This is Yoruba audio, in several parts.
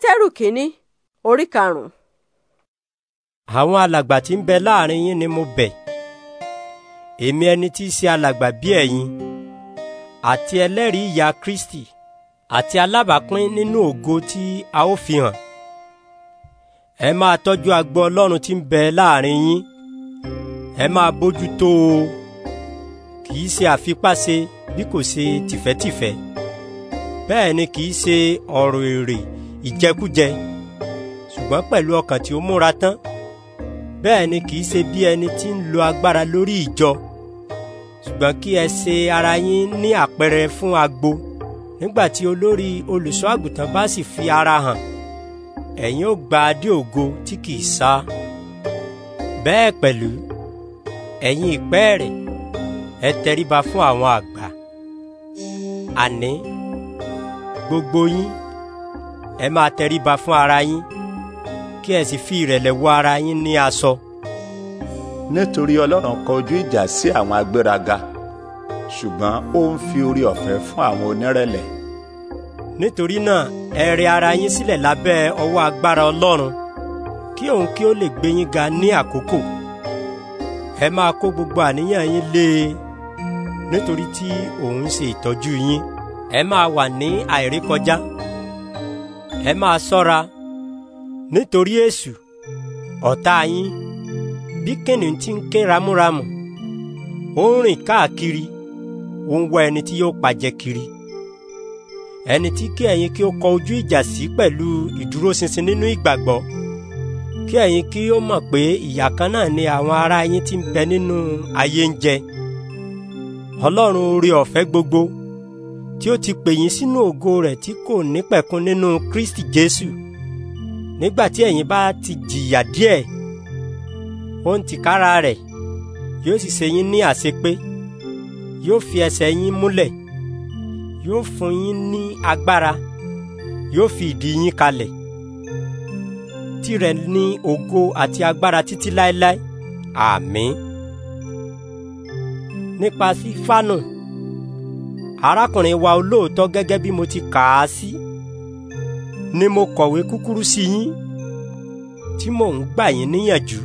pétérù kínní orí karùn-ún. àwọn alàgbà tí ń bẹ láàrin yín ni mo bẹ̀ èmi ẹni tí í ṣe alàgbà bí ẹ̀yin àti ẹlẹ́rìí ìyà Kristi àti alábàápín nínú ògo tí a ó fi hàn ẹ máa tọ́jú agbo Ọlọ́run tí ń bẹ láàrin yín ẹ máa bójú tó o kì í ṣe àfipáṣe bí kò ṣe tìfẹ́tìfẹ́ bẹ́ẹ̀ ni kì í ṣe ọ̀rọ̀ èrè ìjẹkújẹ ṣùgbọ́n pẹ̀lú ọkàn tí ó múra tán bẹ́ẹ̀ ni kì í ṣe bí ẹni tí ń lo agbára lórí ìjọ ṣùgbọ́n kí ẹ ṣe ara yín ní àpẹẹrẹ fún agbo nígbà tí olórí olùṣọ́ àgùntàn bá sì fi ara hàn ẹ̀yin ó gba adé ògo tí kì í sá bẹ́ẹ̀ pẹ̀lú ẹ̀yin ìpẹ́ ẹ tẹríba fún àwọn àgbà àní gbogbo yín ẹ máa tẹríba fún ara yín kí ẹ sì fi ìrẹ̀lẹ̀ wọ ara yín ní aṣọ. nítorí ọlọ́run kọ ojú ìjà sí àwọn agbéraga ṣùgbọ́n ó ń fi orí ọ̀fẹ́ fún àwọn onírẹ̀lẹ̀. nítorí náà ẹ rẹ ara yín sílẹ̀ lábẹ́ ọwọ́ agbára ọlọ́run kí òun kí ó lè gbé yín ga ní àkókò ẹ máa kó gbogbo àníyàn yín lé e nítorí tí òun ń ṣe ìtọ́jú yín ẹ máa wà ní àìrékọjá. ẹ máa ṣọ́ra nítorí èṣù ọ̀tá yín bí kìnìún ti ń kín ramúramù ó ń rìn káàkiri ó ń wá ẹni tí yóò pàjẹ́ kiri ẹni tí kí ẹ̀yin kí ó kọ ojú ìjà sí pẹ̀lú ìdúróṣinṣin nínú ìgbàgbọ́ kí ẹ̀yin kí ó mọ̀ pé ìyà kan náà ni àwọn ará yín ti ń bẹ nínú ayé ń jẹ ọlọ́run oore ọ̀fẹ́ gbogbo tí ó ti pè yín sínú ògo rẹ̀ tí kò nípẹ̀kun nínú Kristi Jésù nígbà tí ẹ̀yin bá ti jìyà díẹ̀ ó ń tìkára rẹ̀ yóò sì ṣe yín ní àṣepé yóò fi ẹsẹ̀ yín múlẹ̀ yóò fún yín ní agbára yóò fi ìdí yín kalẹ̀ tirẹ̀ ní ògo àti agbára títí láéláé àmín nípa sífánù. Si arákùnrin wa olóòótọ́ gẹ́gẹ́ bí mo ti kà á sí ni mo kọ̀wé kúkúrú sí yín tí mò ń gbà yín níyànjú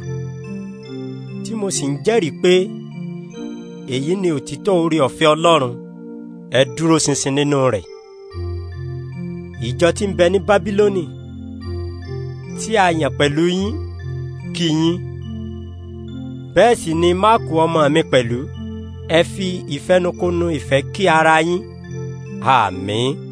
tí mo sì ń jẹ́rìí pé èyí ni òtítọ́ orí ọ̀fẹ́ Ọlọ́run ẹ dúró ṣinṣin nínú rẹ̀ ìjọ tí ń bẹ ní Bábílónì tí a yàn pẹ̀lú yín kí yín bẹ́ẹ̀ sì ni Máàkù ọmọ mi pẹ̀lú ẹ fi ìfẹnukonu ìfẹ́ kí ara yín àmín.